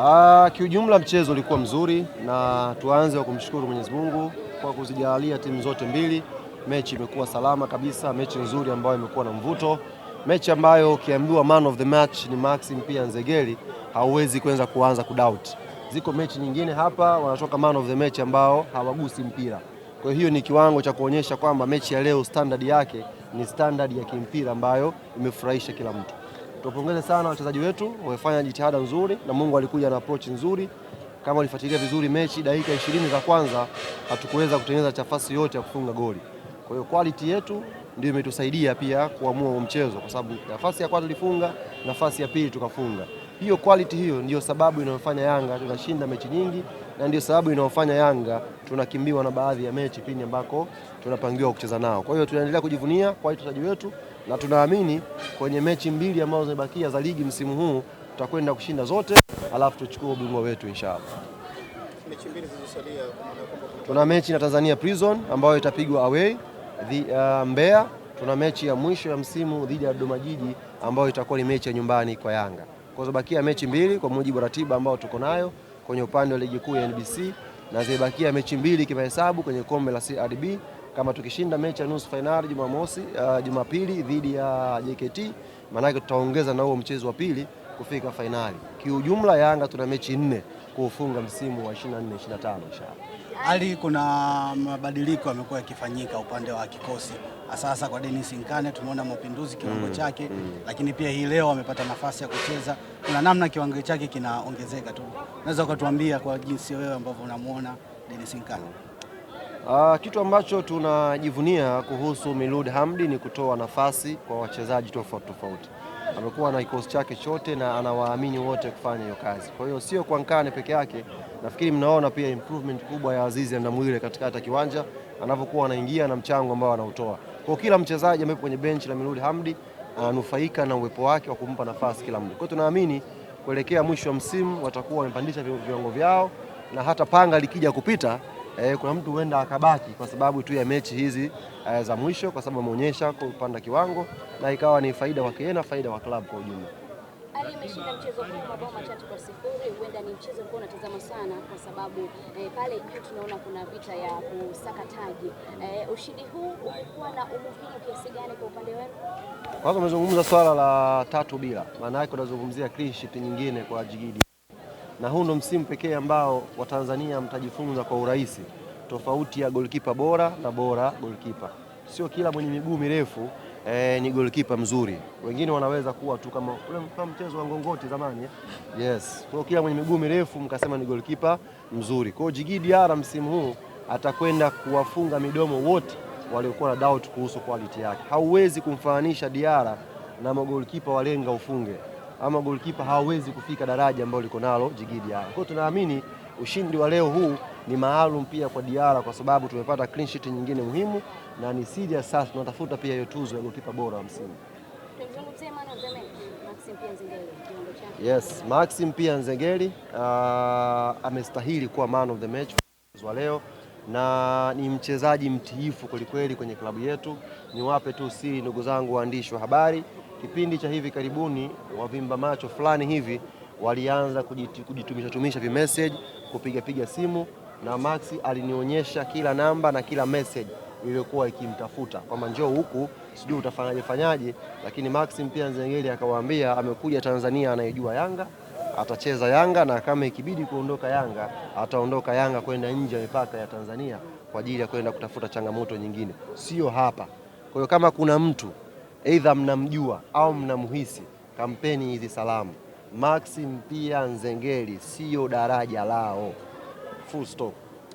Ah, kiujumla mchezo ulikuwa mzuri na tuanze wa kumshukuru Mwenyezi Mungu kwa kuzijalia timu zote mbili. Mechi imekuwa salama kabisa, mechi nzuri ambayo imekuwa na mvuto, mechi ambayo ukiambiwa man of the match ni Maxim pia Nzegeli hauwezi kuanza kuanza kudoubt. Ziko mechi nyingine hapa wanatoka man of the match ambao hawagusi mpira. Kwa hiyo ni kiwango cha kuonyesha kwamba mechi ya leo standard yake ni standard ya kimpira ambayo imefurahisha kila mtu tupongeze sana wachezaji wetu, wamefanya jitihada nzuri na Mungu alikuja na approach nzuri. Kama ulifuatilia vizuri mechi, dakika ishirini za kwanza hatukuweza kutengeneza nafasi yote ya kufunga goli. Kwa hiyo quality yetu ndio imetusaidia pia kuamua huo mchezo, kwa sababu nafasi ya kwanza tulifunga, nafasi ya pili tukafunga. Hiyo quality hiyo ndiyo sababu inayofanya Yanga tunashinda mechi nyingi na ndiyo sababu inayofanya Yanga tunakimbiwa na baadhi ya mechi pindi ambako tunapangiwa kucheza nao. Kwa hiyo tunaendelea kujivunia kwa wachezaji wetu na tunaamini kwenye mechi mbili ambazo zimebakia za ligi msimu huu tutakwenda kushinda zote, alafu tuchukue ubingwa wetu inshallah. Tuna mechi na Tanzania Prison ambayo itapigwa away the, uh, Mbeya. Tuna mechi ya mwisho ya msimu dhidi ya Dodoma Jiji ambayo itakuwa ni mechi ya nyumbani kwa Yanga. Kwa hiyo bakia mechi mbili kwa mujibu wa ratiba ambayo tuko nayo kwenye upande wa ligi kuu ya NBC na zimebakia mechi mbili kimahesabu kwenye kombe la CRDB kama tukishinda mechi ya nusu fainali Jumamosi, uh, Jumapili dhidi ya JKT, maanake tutaongeza na huo mchezo wa pili kufika fainali. Kiujumla Yanga tuna mechi nne kuufunga msimu wa 24 25 inshallah. Hali kuna mabadiliko yamekuwa yakifanyika upande wa kikosi sasa kwa Dennis Nkane tumeona mapinduzi kiwango mm, chake mm, lakini pia hii leo amepata nafasi ya kucheza, kuna namna kiwango chake kinaongezeka tu. Unaweza ukatuambia kwa jinsi wewe ambavyo unamuona Dennis Nkane? Uh, kitu ambacho tunajivunia kuhusu milud Hamdi ni kutoa nafasi kwa wachezaji tofauti tofauti. Amekuwa na kikosi chake chote na anawaamini wote kufanya hiyo kazi. Kwa hiyo sio kwa Nkane peke yake, nafikiri mnaona pia improvement kubwa ya Azizi Ndamwile katika hata kiwanja anavyokuwa anaingia na mchango ambao anautoa. Kwa kila mchezaji ambaye kwenye benchi la Milud Hamdi ananufaika na uwepo wake wa kumpa nafasi kila mtu. Kwa hiyo tunaamini kuelekea mwisho wa msimu watakuwa wamepandisha viwango vyao na hata panga likija kupita eh, kuna mtu huenda akabaki kwa sababu tu ya mechi hizi eh, za mwisho, kwa sababu ameonyesha kupanda kiwango na ikawa ni faida kwake yeye na faida kwa klabu kwa ujumla. Ali imeshinda mchezo huu mabao matatu kwa sifuri. Huenda ni mchezo ambao unatazama sana kwa sababu eh, pale juu tunaona kuna vita ya kusaka taji. Eh, ushindi huu umekuwa na umuhimu kiasi gani kwa upande wenu? Kwanza umezungumza swala la tatu bila, maana yake unazungumzia clean sheet nyingine kwa Jigidi na huu ndo msimu pekee ambao Watanzania mtajifunza kwa urahisi tofauti ya golkipa bora na bora golkipa. Sio kila mwenye miguu mirefu e, ni golkipa mzuri. Wengine wanaweza kuwa tu kama ule mchezo wa ngongoti zamani. Eh. Yes, kwa kila mwenye miguu mirefu mkasema ni golkipa mzuri. Kwa hiyo Djigui Diarra msimu huu atakwenda kuwafunga midomo wote waliokuwa na doubt kuhusu quality yake. Hauwezi kumfananisha Diarra na magolikipa walenga ufunge ama goalkeeper hawawezi kufika daraja ambalo liko nalo Djigui Diarra. Kwa hiyo tunaamini ushindi wa leo huu ni maalum pia kwa Diarra kwa sababu tumepata clean sheet nyingine muhimu na ni serious sasa, tunatafuta pia hiyo tuzo ya goalkeeper bora wa msimu. Yes, Maxim pia Nzengeli uh, amestahili kuwa man of the match wa leo na ni mchezaji mtiifu kwelikweli kwenye klabu yetu. Niwape tu siri, ndugu zangu waandishi wa habari, kipindi cha hivi karibuni wavimba macho fulani hivi walianza kujitumishatumisha vimeseji, kupigapiga simu na Max alinionyesha kila namba na kila message iliyokuwa ikimtafuta kwamba njoo huku, sijui utafanyaje fanyaje, lakini maxi pia Nzengeli akawaambia amekuja Tanzania, anayejua Yanga atacheza Yanga na kama ikibidi kuondoka Yanga ataondoka Yanga kwenda nje ya mipaka ya Tanzania kwa ajili ya kwenda kutafuta changamoto nyingine, sio hapa. Kwa hiyo kama kuna mtu aidha mnamjua au mnamhisi, kampeni hizi salamu, Maxi Mpia Nzengeli sio daraja lao, full stop.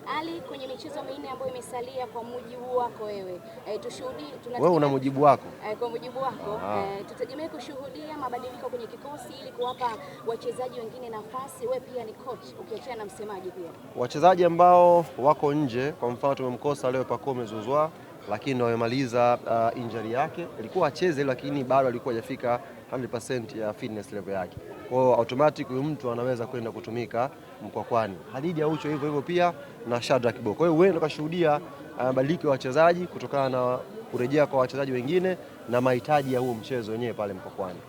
Ali, kwenye michezo minne ambayo imesalia kwa mujibu wako wewe, e, tushuhudie tunategemea... wewe una mujibu wako e, kwa mujibu wako e, tutegemee kushuhudia mabadiliko kwenye kikosi ili kuwapa wachezaji wengine nafasi. Wewe pia ni coach, ukiachana na msemaji, pia wachezaji ambao wako nje, kwa mfano tumemkosa leo Pacome Zouzoua lakini ndo amemaliza uh, ah, injury yake, ilikuwa acheze lakini bado alikuwa hajafika 100% ya fitness level yake. Kwa hiyo automatic huyu mtu anaweza kwenda kutumika Mkwakwani. Hadidi Aucho hivyo hivyo pia na Shadrack Bo. Kwa hiyo wewe ukashuhudia uh, mabadiliko ya wachezaji kutokana na kurejea kwa wachezaji wengine na mahitaji ya huo mchezo wenyewe pale Mkwakwani.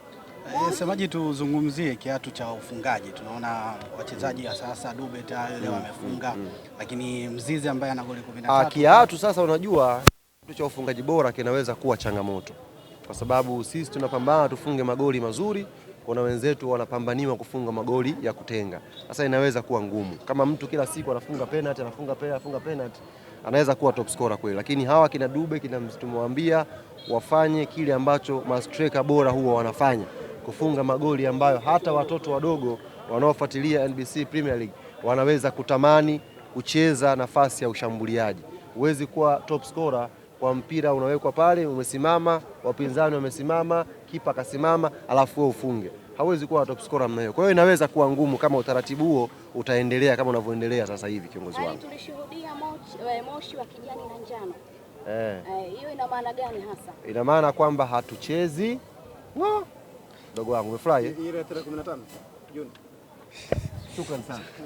E, eh, semaji tuzungumzie kiatu cha ufungaji. Tunaona wachezaji ya sasa Dube tayari mm. wamefunga, mm, mm. lakini Mzizi ambaye ana goli 13. Ah, kiatu sasa, unajua kiatu cha ufungaji bora kinaweza kuwa changamoto kwa sababu sisi tunapambana tufunge magoli mazuri, kuna wenzetu wanapambaniwa kufunga magoli ya kutenga. Sasa inaweza kuwa ngumu kama mtu kila siku anafunga penalty, anafunga penalty, anafunga penalty, anaweza kuwa top scorer kweli, lakini hawa kina Dube kina tumewambia wafanye kile ambacho mastreka bora huwa wanafanya, kufunga magoli ambayo hata watoto wadogo wanaofuatilia NBC Premier League wanaweza kutamani kucheza nafasi ya ushambuliaji. Huwezi kuwa top scorer kwa mpira unawekwa pale, umesimama, wapinzani wamesimama, kipa akasimama, alafu wewe ufunge. Hawezi kuwa top scorer mna hiyo. Kwa hiyo inaweza kuwa ngumu kama utaratibu huo utaendelea kama unavyoendelea sasa hivi, kiongozi wangu. Yaani tulishuhudia eh, moshi wa kijani na njano. Eh. eh. Hiyo ina maana gani hasa? Ina maana kwamba hatuchezi. No. Dogo wangu umefurahi? Ile tarehe 15 Juni. Shukrani sana.